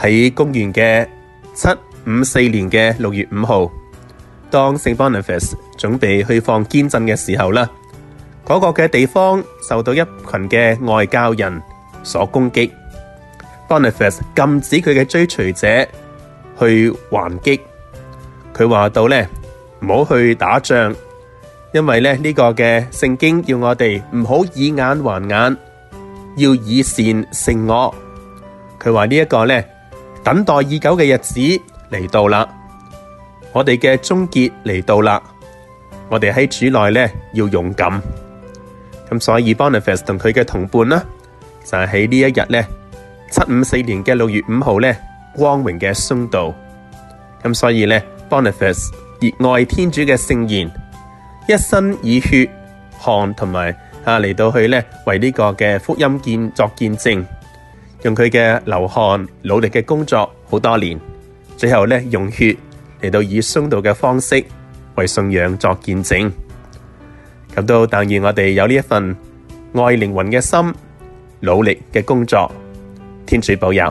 喺公元嘅七五四年嘅六月五號。當聖 Boniface 準備去放堅陣嘅時候啦，嗰個嘅地方受到一群嘅外教人所攻擊。Boniface 禁止佢嘅追隨者去還擊。佢話到咧，唔好去打仗，因為咧呢、呢個嘅聖經要我哋唔好以眼還眼，要以善勝惡。佢話呢一個咧，等待已久嘅日子嚟到啦。我哋嘅終結嚟到啦，我哋喺主內咧要勇敢。咁所以 Boniface 同佢嘅同伴啦，就係喺呢一日咧，七五四年嘅六月五號咧，光榮嘅殉道。咁所以咧，Boniface 熱愛天主嘅聖言，一身以血汗同埋啊嚟到去咧為呢個嘅福音見作見證，用佢嘅流汗努力嘅工作好多年，最後咧用血。嚟到以松道嘅方式為信仰作見證，咁都但願我哋有呢一份愛靈魂嘅心，努力嘅工作，天主保佑，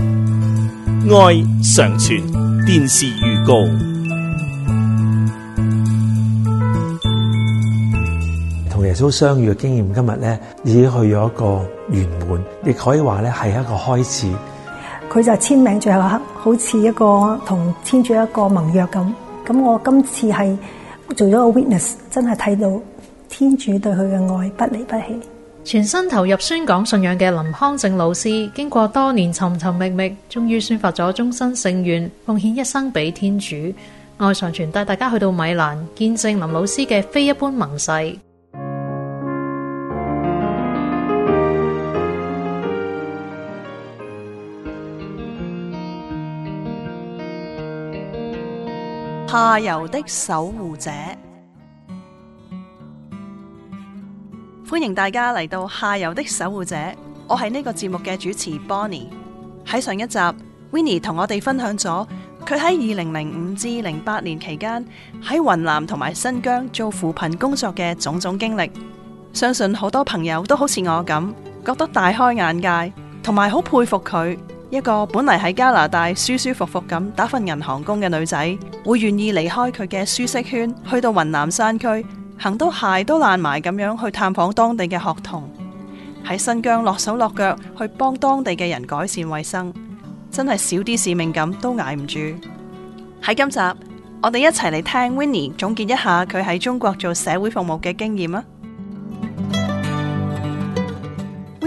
愛常存。電視預告，同耶穌相遇嘅經驗，今日咧已經去咗一個。圓滿，亦可以話咧係一個開始。佢就簽名最後一刻，好似一個同天主一個盟約咁。咁我今次係做咗個 witness，真係睇到天主對佢嘅愛不離不棄。全身投入宣講信仰嘅林康正老師，經過多年尋尋覓覓，終於宣發咗終身聖願，奉獻一生俾天主。愛上傳帶大家去到米蘭，見證林老師嘅非一般盟誓。下游的守護者，歡迎大家嚟到下游的守護者。我係呢個節目嘅主持 Bonnie。喺上一集 w i n n i e 同我哋分享咗佢喺二零零五至零八年期間喺雲南同埋新疆做扶貧工作嘅種種經歷。相信好多朋友都好似我咁，覺得大開眼界，同埋好佩服佢。一個本嚟喺加拿大舒舒服服咁打份銀行工嘅女仔，會願意離開佢嘅舒適圈，去到雲南山區，行到鞋都爛埋咁樣去探訪當地嘅學童，喺新疆落手落腳去幫當地嘅人改善衛生，真係少啲使命感都捱唔住。喺今集，我哋一齊嚟聽 Winnie 總結一下佢喺中國做社會服務嘅經驗啊！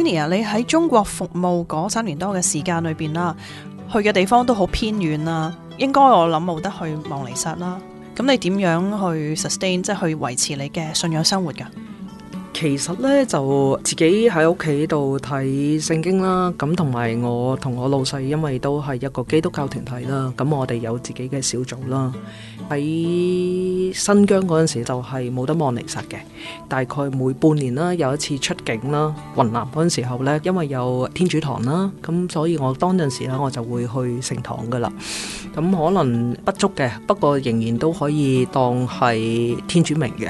你喺中國服務嗰三年多嘅時間裏邊啦，去嘅地方都好偏遠啦，應該我諗冇得去望彌撒啦。咁你點樣去 sustain，即係去維持你嘅信仰生活噶？其實咧就自己喺屋企度睇聖經啦，咁同埋我同我老細因為都係一個基督教團體啦，咁我哋有自己嘅小組啦。喺新疆嗰陣時就係冇得望彌撒嘅，大概每半年啦有一次出境啦。雲南嗰陣時候呢，因為有天主堂啦，咁所以我當陣時呢，我就會去聖堂㗎喇。咁可能不足嘅，不過仍然都可以當係天主明嘅。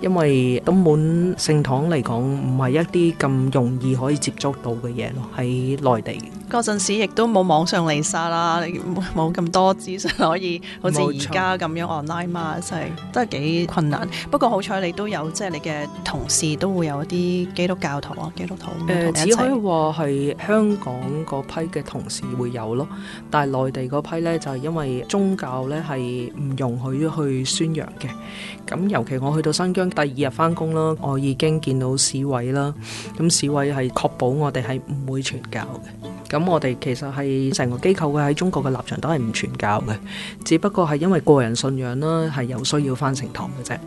因為東門聖堂嚟講，唔係一啲咁容易可以接觸到嘅嘢咯，喺內地嗰陣時，亦都冇網上嚟殺啦，冇冇咁多資訊可以，好似而家咁樣 online 嘛，就是，真係都係幾困難。嗯、不過好彩你都有，即、就、係、是、你嘅同事都會有一啲基督教徒啊、基督徒誒、呃，只可以話係香港嗰批嘅同事會有咯，但係內地嗰批咧就係因為宗教咧係唔容許去宣揚嘅，咁尤其我去到新疆。第二日翻工啦，我已經見到市委啦。咁市委係確保我哋係唔會傳教嘅。咁我哋其實係成個機構嘅喺中國嘅立場都係唔傳教嘅，只不過係因為個人信仰啦，係有需要翻成堂嘅啫。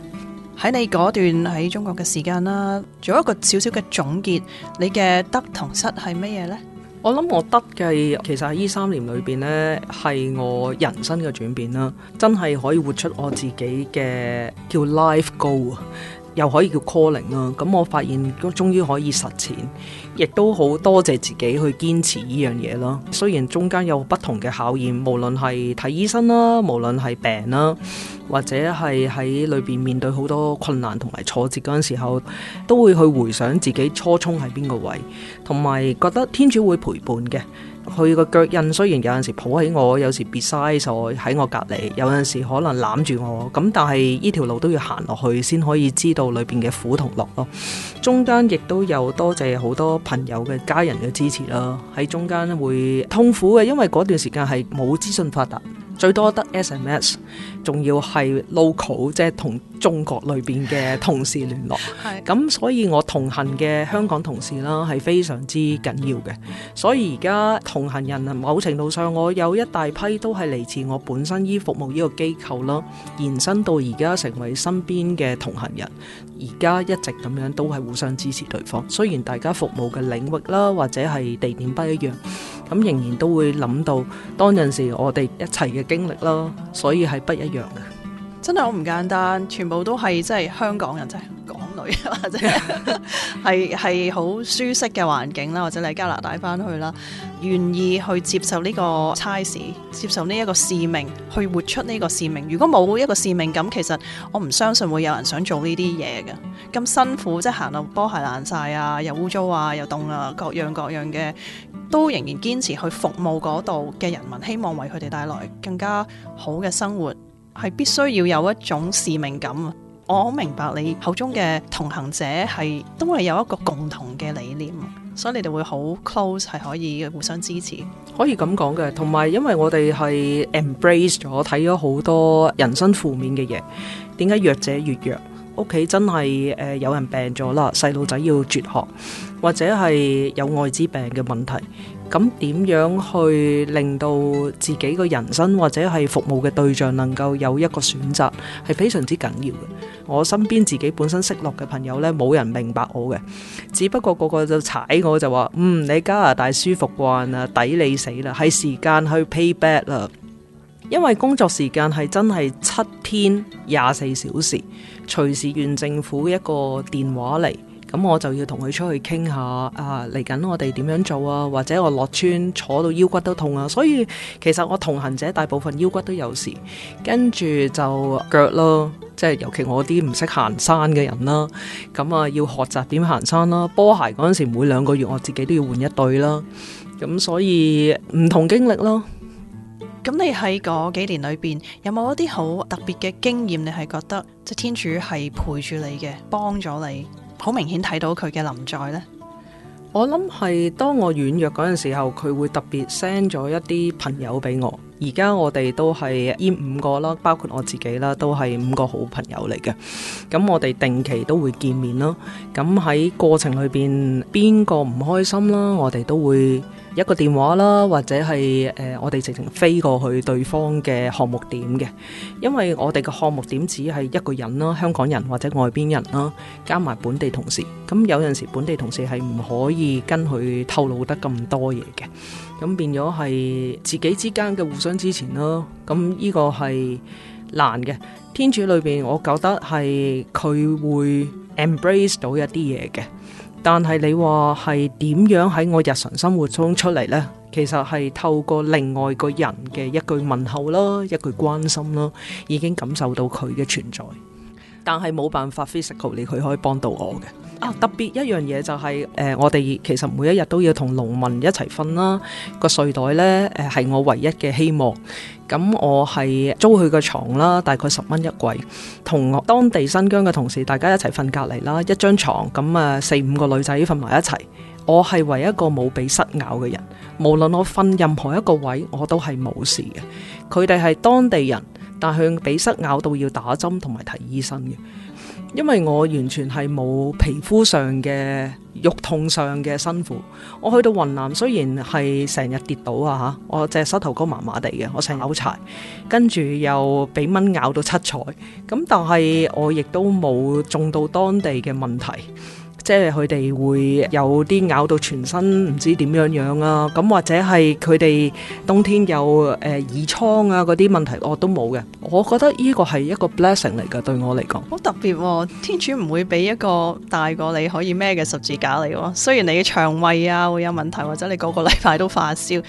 喺你嗰段喺中國嘅時間啦，做一個小小嘅總結，你嘅得同失係乜嘢呢？我諗我得嘅，其實喺呢三年裏邊呢，係我人生嘅轉變啦，真係可以活出我自己嘅叫 life goal。又可以叫，叫 calling 啦，咁我發現終於可以實踐，亦都好多謝自己去堅持呢樣嘢咯。雖然中間有不同嘅考驗，無論係睇醫生啦，無論係病啦，或者係喺裏邊面對好多困難同埋挫折嗰陣時候，都會去回想自己初衷喺邊個位，同埋覺得天主會陪伴嘅。佢個腳印雖然有陣時抱起我，有時 beside 我喺我隔離，有陣時可能攬住我，咁但係呢條路都要行落去先可以知道裏邊嘅苦同樂咯。中間亦都有多謝好多朋友嘅家人嘅支持啦。喺中間會痛苦嘅，因為嗰段時間係冇資訊發達，最多得 SMS，仲要係 local 即係同。中國裏面嘅同事聯絡，咁所以我同行嘅香港同事啦，係非常之緊要嘅。所以而家同行人，某程度上我有一大批都係嚟自我本身依服務呢個機構啦，延伸到而家成為身邊嘅同行人。而家一直咁樣都係互相支持對方。雖然大家服務嘅領域啦，或者係地點不一樣，咁仍然都會諗到當陣時我哋一齊嘅經歷啦，所以係不一樣嘅。真係好唔簡單，全部都係即係香港人，即係港女或者係係好舒適嘅環境啦，或者你加拿大返去啦，願意去接受呢個差事，接受呢一個使命，去活出呢個使命。如果冇一個使命咁，其實我唔相信會有人想做呢啲嘢嘅咁辛苦，即係行到波鞋爛晒啊，又污糟啊，又凍啊，各樣各樣嘅，都仍然堅持去服務嗰度嘅人民，希望為佢哋帶來更加好嘅生活。係必須要有一種使命感啊！我好明白你口中嘅同行者係都係有一個共同嘅理念，所以你哋會好 close，係可以互相支持。可以咁講嘅，同埋因為我哋係 embrace 咗睇咗好多人生負面嘅嘢，點解弱者越弱？屋企真係誒有人病咗啦，細路仔要絕學，或者係有艾滋病嘅問題。咁點樣去令到自己個人生或者係服務嘅對象能夠有一個選擇，係非常之緊要嘅。我身邊自己本身識落嘅朋友呢，冇人明白我嘅，只不過個個就踩我就話：嗯，你加拿大舒服慣啦，抵你死啦，係時間去 pay back 啦。因為工作時間係真係七天廿四小時，隨時怨政府一個電話嚟。咁我就要同佢出去傾下啊！嚟緊我哋點樣做啊？或者我落村坐到腰骨都痛啊！所以其實我同行者大部分腰骨都有事，跟住就腳咯，即係尤其我啲唔識行山嘅人啦。咁啊要學習點行山啦，波鞋嗰陣時每兩個月我自己都要換一對啦。咁所以唔同經歷咯。咁你喺嗰幾年裏邊，有冇一啲好特別嘅經驗？你係覺得即係天主係陪住你嘅，幫咗你？好明顯睇到佢嘅臨在呢。我諗係當我軟弱嗰陣時候，佢會特別 send 咗一啲朋友俾我。而家我哋都係呢五個啦，包括我自己啦，都係五個好朋友嚟嘅。咁我哋定期都會見面咯。咁喺過程裏邊，邊個唔開心啦，我哋都會。一個電話啦，或者係誒、呃，我哋直情飛過去對方嘅項目點嘅，因為我哋嘅項目點只係一個人啦，香港人或者外邊人啦，加埋本地同事，咁有陣時本地同事係唔可以跟佢透露得咁多嘢嘅，咁變咗係自己之間嘅互相支持咯，咁呢個係難嘅。天主裏邊，我覺得係佢會 embrace 到一啲嘢嘅。但係你話係點樣喺我日常生活中出嚟呢？其實係透過另外個人嘅一句問候啦，一句關心啦，已經感受到佢嘅存在。但係冇辦法 physical 嚟，佢可以幫到我嘅。啊，特別一樣嘢就係、是、誒、呃，我哋其實每一日都要同農民一齊瞓啦，那個睡袋呢誒係我唯一嘅希望。咁我係租佢個床啦，大概十蚊一季，同我當地新疆嘅同事大家一齊瞓隔離啦，一張床。咁啊四五個女仔瞓埋一齊，我係唯一一個冇被蝨咬嘅人。無論我瞓任何一個位，我都係冇事嘅。佢哋係當地人，但佢被蝨咬到要打針同埋睇醫生嘅。因為我完全係冇皮膚上嘅、肉痛上嘅辛苦，我去到雲南雖然係成日跌倒啊嚇，我隻膝頭哥麻麻地嘅，我成日拗柴，跟住又俾蚊咬到七彩，咁但係我亦都冇中到當地嘅問題。即係佢哋會有啲咬到全身不怎，唔知點樣樣啊。咁或者係佢哋冬天有誒耳瘡啊嗰啲問題，我、哦、都冇嘅。我覺得呢個係一個 blessing 嚟㗎，對我嚟講。好特別，哦，天主唔會俾一個大過你可以孭嘅十字架你喎。雖然你嘅腸胃啊會有問題，或者你個個禮拜都發燒。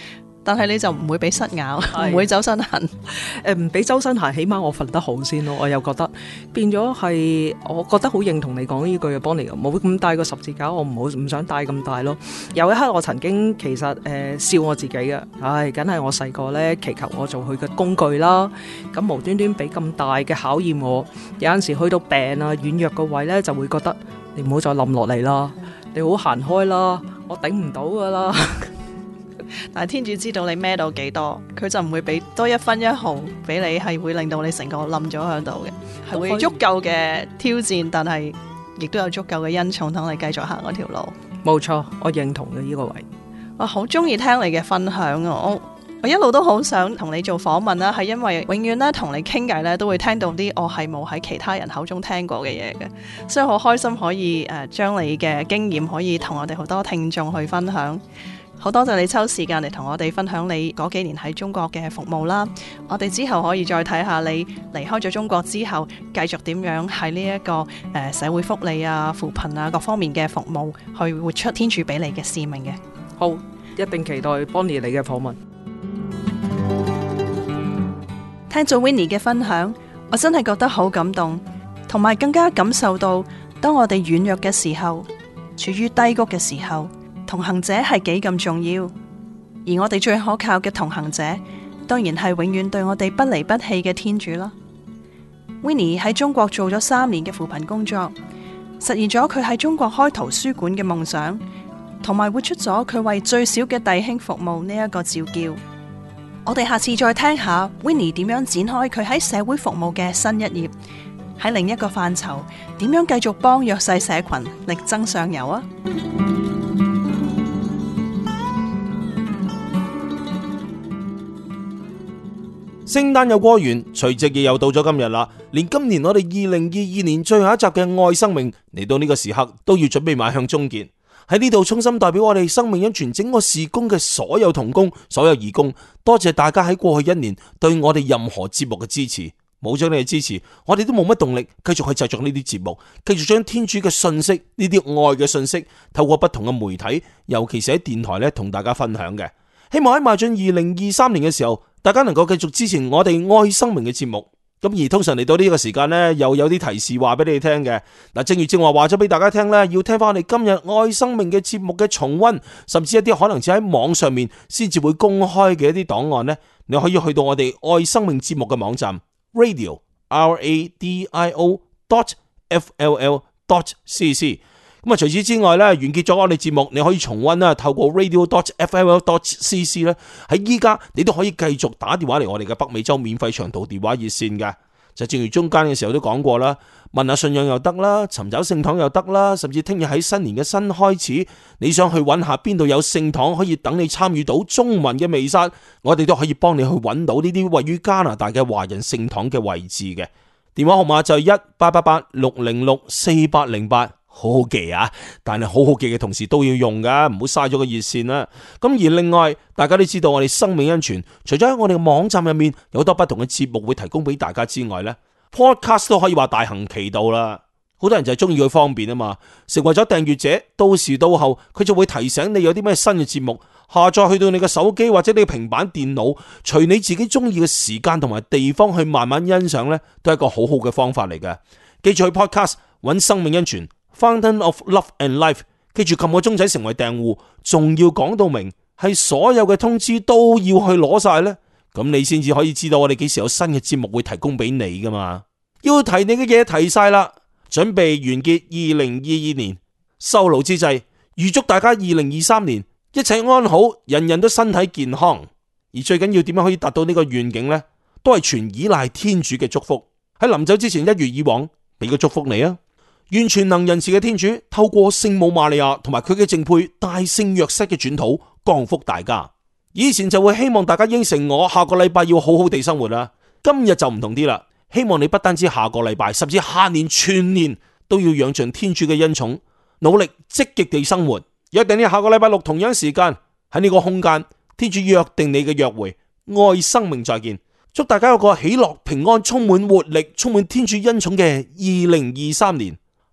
但係你就唔會俾虱咬，唔會周身痕，誒唔俾周身痕，起碼我瞓得好先咯。我又覺得變咗係，我覺得好認同你講呢句嘅幫你冇咁大個十字架，我唔好唔想戴咁大咯。有一刻我曾經其實誒、呃、笑我自己嘅，唉、哎，梗係我細個咧祈求我做佢嘅工具啦。咁無端端俾咁大嘅考驗我，有陣時去到病啊軟弱個位咧，就會覺得你唔好再冧落嚟啦，你好行開啦，我頂唔到㗎啦。 但係天主知道你孭到幾多，佢就唔會俾多一分一毫俾你，係會令到你成個冧咗喺度嘅，係會足夠嘅挑戰，但係亦都有足夠嘅恩寵，等你繼續行嗰條路。冇錯，我認同嘅呢個位，我好中意聽你嘅分享。啊。我一路都好想同你做訪問啦，係因為永遠咧同你傾偈咧都會聽到啲我係冇喺其他人口中聽過嘅嘢嘅，所以好開心可以誒將、呃、你嘅經驗可以同我哋好多聽眾去分享。好多謝你抽時間嚟同我哋分享你嗰幾年喺中國嘅服務啦，我哋之後可以再睇下你離開咗中國之後，繼續點樣喺呢一個誒社會福利啊、扶貧啊各方面嘅服務去活出天主俾你嘅使命嘅。好，一定期待 Bonnie 你嘅訪問。聽咗 Winnie 嘅分享，我真係覺得好感動，同埋更加感受到當我哋軟弱嘅時候，處於低谷嘅時候。同行者係幾咁重要，而我哋最可靠嘅同行者，當然係永遠對我哋不離不棄嘅天主啦。Winnie 喺中國做咗三年嘅扶貧工作，實現咗佢喺中國開圖書館嘅夢想，同埋活出咗佢為最少嘅弟兄服務呢一個召叫。我哋下次再聽下 Winnie 點樣展開佢喺社會服務嘅新一頁，喺另一個範疇，點樣繼續幫弱勢社群力爭上游啊！聖誕又過完，除夕夜又到咗今日啦。連今年我哋二零二二年最後一集嘅《愛生命》嚟,到呢個時刻，都要準備邁向終結。喺呢度衷心代表我哋生命恩泉整個事工嘅所有同工、所有義工，多謝大家喺過去一年對我哋任何節目嘅支持。冇咗你嘅支持，我哋都冇乜動力繼續去製作呢啲節目，繼續將天主嘅信息、呢啲愛嘅信息透過不同嘅媒體，尤其是喺電台咧，同大家分享嘅。希望喺邁進二零二三年嘅時候，大家能夠繼續支持我哋愛生命嘅節目，咁而通常嚟到呢個時間呢，又有啲提示話俾你聽嘅。嗱，正如正話話咗俾大家聽呢，要聽翻我哋今日愛生命嘅節目嘅重溫，甚至一啲可能只喺網上面先至會公開嘅一啲檔案呢，你可以去到我哋愛生命節目嘅網站 radio r a d i o dot f l l dot c c。咁啊！除此之外咧，完結咗我哋節目，你可以重溫啦。透過 r a d i o d o f l d o c c 咧，喺依家，你都可以繼續打電話嚟，我哋嘅北美洲免費長途電話熱線嘅。就正如中間嘅時候都講過啦，問下信仰又得啦，尋找聖堂又得啦，甚至聽日喺新年嘅新開始，你想去揾下邊度有聖堂可以等你參與到中文嘅彌撒，我哋都可以幫你去揾到呢啲位於加拿大嘅華人聖堂嘅位置嘅。電話號碼就係一八八八六零六四八零八。好好記啊！但係好好記嘅同時都要用噶，唔好嘥咗個熱線啦，啊。咁而另外，大家都知道我哋生命恩泉，除咗喺我哋網站入面有好多不同嘅節目會提供俾大家之外呢，podcast 都可以話大行其道啦。好多人就係中意佢方便啊嘛，成為咗訂閱者，到時到後佢就會提醒你有啲咩新嘅節目下載去到你嘅手機或者你嘅平板電腦，隨你自己中意嘅時間同埋地方去慢慢欣賞呢，都係一個好好嘅方法嚟嘅。記住去 podcast 揾生命恩泉。Fountain of Love and Life，記住撳個鐘仔成為訂戶，仲要講到明係所有嘅通知都要去攞晒呢。咁你先至可以知道我哋幾時有新嘅節目會提供俾你噶嘛？要提你嘅嘢提晒啦，準備完結二零二二年收爐之際，預祝大家二零二三年一切安好，人人都身體健康。而最緊要點樣可以達到呢個願景呢？都係全依賴天主嘅祝福。喺臨走之前一如以往，俾個祝福你啊！完全能仁慈嘅天主透過聖母瑪利亞同埋佢嘅淨配大聖若瑟嘅轉土降福大家。以前就會希望大家應承我下個禮拜要好好地生活啦。今日就唔同啲啦，希望你不單止下個禮拜，甚至下年全年都要仰仗天主嘅恩寵，努力積極地生活。約定你下個禮拜六同樣時間喺呢個空間，天主約定你嘅約會。愛生命再見，祝大家有個喜樂平安、充滿活力、充滿天主恩寵嘅二零二三年。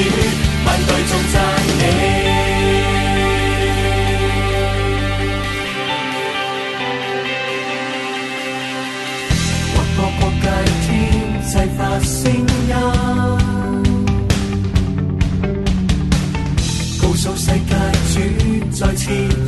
萬代頌讚你，劃破國界天際發聲音，告訴世界主再次。